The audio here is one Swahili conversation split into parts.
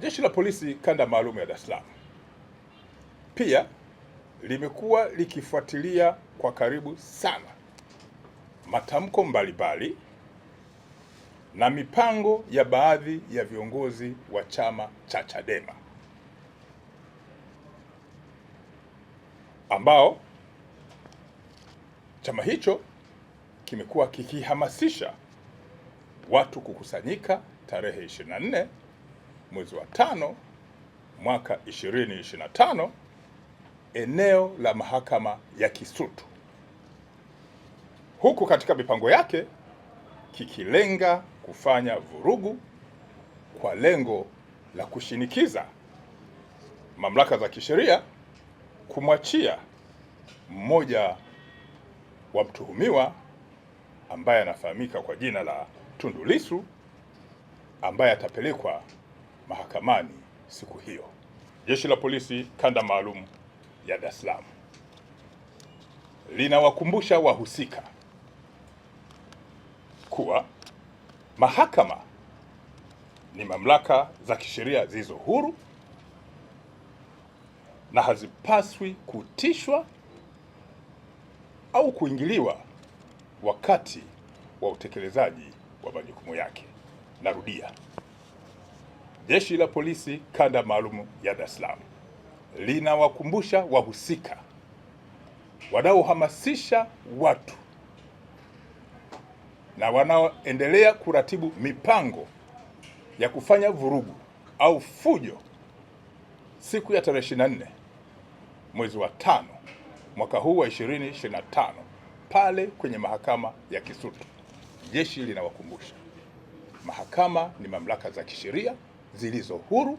Jeshi la Polisi Kanda Maalum ya Dar es Salaam pia limekuwa likifuatilia kwa karibu sana matamko mbalimbali na mipango ya baadhi ya viongozi wa chama cha Chadema ambao chama hicho kimekuwa kikihamasisha watu kukusanyika tarehe 24 mwezi wa tano mwaka 2025 eneo la mahakama ya Kisutu, huku katika mipango yake kikilenga kufanya vurugu kwa lengo la kushinikiza mamlaka za kisheria kumwachia mmoja wa mtuhumiwa ambaye anafahamika kwa jina la Tundu Lissu ambaye atapelekwa mahakamani siku hiyo. Jeshi la Polisi kanda maalum ya Dar es Salaam linawakumbusha wahusika kuwa mahakama ni mamlaka za kisheria zilizo huru na hazipaswi kutishwa au kuingiliwa wakati wa utekelezaji wa majukumu yake. Narudia. Jeshi la Polisi kanda maalum ya Dar es Salaam linawakumbusha wahusika wanaohamasisha watu na wanaoendelea kuratibu mipango ya kufanya vurugu au fujo siku ya tarehe 24 mwezi wa tano mwaka huu wa 2025 pale kwenye mahakama ya Kisutu. Jeshi linawakumbusha mahakama ni mamlaka za kisheria zilizo huru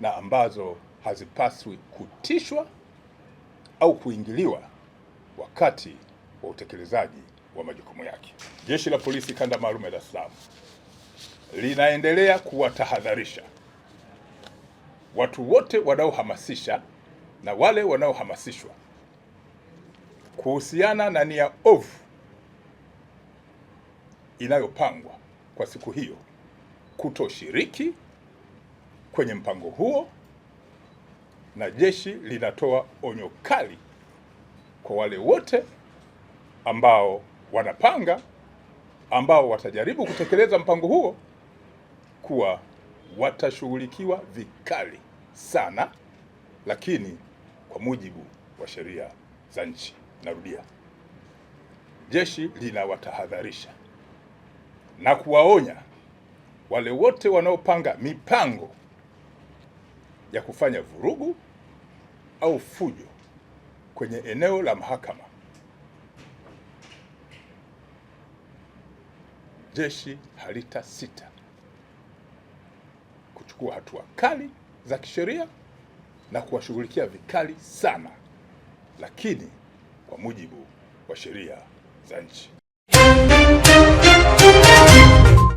na ambazo hazipaswi kutishwa au kuingiliwa wakati wa utekelezaji wa majukumu yake. Jeshi la Polisi Kanda Maalum ya Dar es Salaam linaendelea kuwatahadharisha watu wote wanaohamasisha na wale wanaohamasishwa kuhusiana na nia ovu inayopangwa kwa siku hiyo kutoshiriki kwenye mpango huo, na jeshi linatoa onyo kali kwa wale wote ambao wanapanga, ambao watajaribu kutekeleza mpango huo, kuwa watashughulikiwa vikali sana, lakini kwa mujibu wa sheria za nchi. Narudia, jeshi linawatahadharisha na kuwaonya wale wote wanaopanga mipango ya kufanya vurugu au fujo kwenye eneo la mahakama. Jeshi halita sita kuchukua hatua kali za kisheria na kuwashughulikia vikali sana, lakini kwa mujibu wa sheria za nchi.